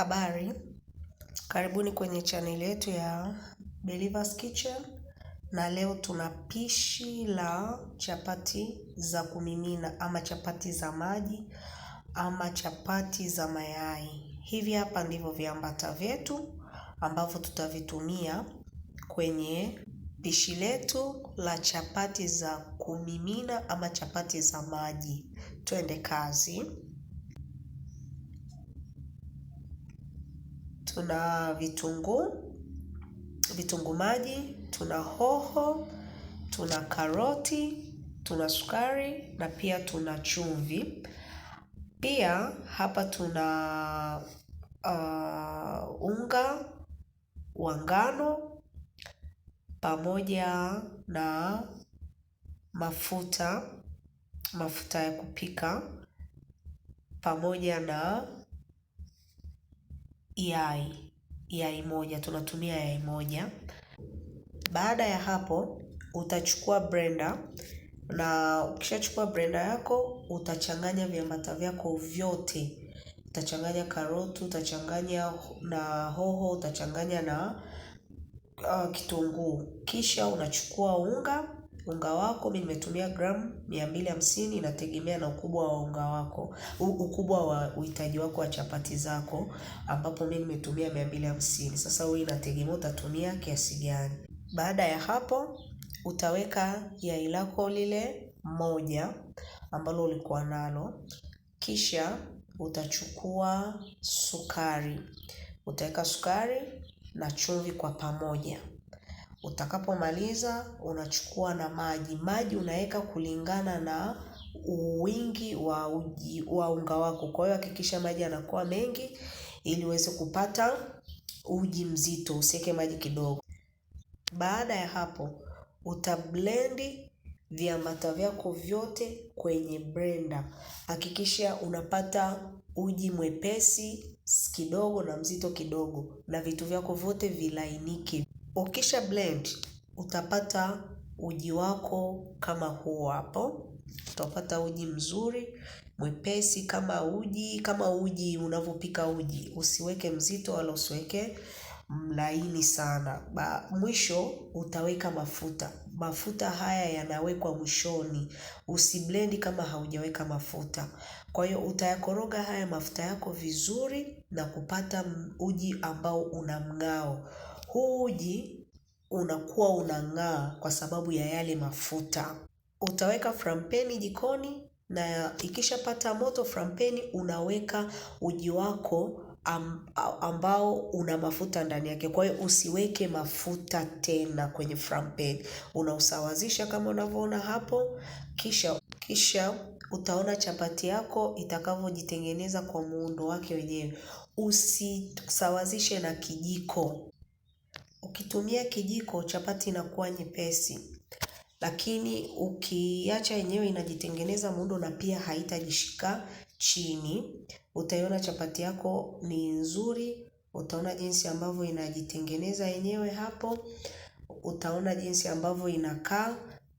Habari, karibuni kwenye chaneli yetu ya Believers Kitchen, na leo tuna pishi la chapati za kumimina ama chapati za maji ama chapati za mayai. Hivi hapa ndivyo viambata vyetu ambavyo tutavitumia kwenye pishi letu la chapati za kumimina ama chapati za maji. Twende kazi. tuna vitunguu, vitunguu maji, tuna hoho, tuna karoti, tuna sukari na pia tuna chumvi. Pia hapa tuna uh, unga wa ngano pamoja na mafuta mafuta ya kupika pamoja na yai yai moja, tunatumia yai moja. Baada ya hapo utachukua blender na ukishachukua blender yako utachanganya viambata vyako vyote. Utachanganya karoti, utachanganya na hoho, utachanganya na uh, kitunguu. Kisha unachukua unga unga wako, mimi nimetumia gramu mia mbili hamsini inategemea na ukubwa wa unga wako, ukubwa wa uhitaji wako wa chapati zako, ambapo mimi nimetumia mia mbili hamsini. Sasa wewe inategemea utatumia kiasi gani. Baada ya hapo, utaweka yai lako lile moja ambalo ulikuwa nalo, kisha utachukua sukari, utaweka sukari na chumvi kwa pamoja. Utakapomaliza unachukua na maji. Maji unaweka kulingana na wingi wa uji wa unga wako. Kwa hiyo hakikisha maji yanakuwa mengi ili uweze kupata uji mzito, usiweke maji kidogo. Baada ya hapo utablendi viambata vyako vyote kwenye blender. Hakikisha unapata uji mwepesi kidogo na mzito kidogo na vitu vyako vyote vilainike. Ukisha blend utapata uji wako kama huu hapo. Utapata uji mzuri mwepesi kama uji kama uji unavyopika uji, usiweke mzito wala usiweke mlaini sana. Ba, mwisho utaweka mafuta. Mafuta haya yanawekwa mwishoni, usiblendi kama haujaweka mafuta. Kwa hiyo utayakoroga haya mafuta yako vizuri na kupata uji ambao una mng'ao. Huji unakuwa unang'aa kwa sababu ya yale mafuta. Utaweka frampeni jikoni na ikishapata moto frampeni unaweka uji wako ambao una mafuta ndani yake. Kwa hiyo usiweke mafuta tena kwenye frampen, Unausawazisha kama unavyoona hapo kisha kisha utaona chapati yako itakavyojitengeneza kwa muundo wake wenyewe. Usisawazishe na kijiko. Ukitumia kijiko chapati inakuwa nyepesi, lakini ukiacha yenyewe inajitengeneza muundo na pia haitajishika chini. Utaiona chapati yako ni nzuri, utaona jinsi ambavyo inajitengeneza yenyewe hapo, utaona jinsi ambavyo inakaa,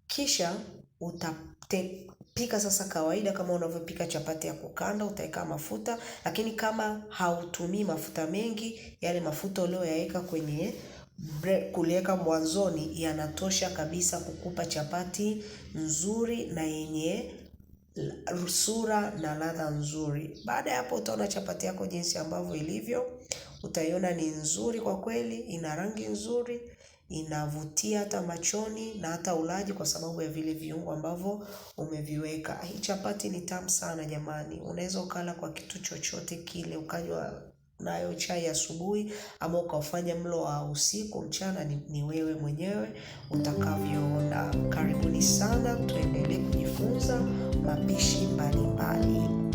kisha utapika sasa kawaida kama unavyopika chapati ya kukanda, utaweka mafuta, lakini kama hautumii mafuta mengi, yale mafuta uliyoyaweka kwenye kuliweka mwanzoni yanatosha kabisa kukupa chapati nzuri na yenye sura na ladha nzuri. Baada ya hapo utaona chapati yako jinsi ambavyo ilivyo, utaiona ni nzuri kwa kweli, ina rangi nzuri, inavutia hata machoni na hata ulaji kwa sababu ya vile viungo ambavyo umeviweka. Hii chapati ni tamu sana jamani, unaweza ukala kwa kitu chochote kile ukanywa nayo chai asubuhi ama ukafanya mlo wa usiku mchana ni, ni wewe mwenyewe utakavyoona. Karibuni sana, tuendelee kujifunza mapishi mbalimbali.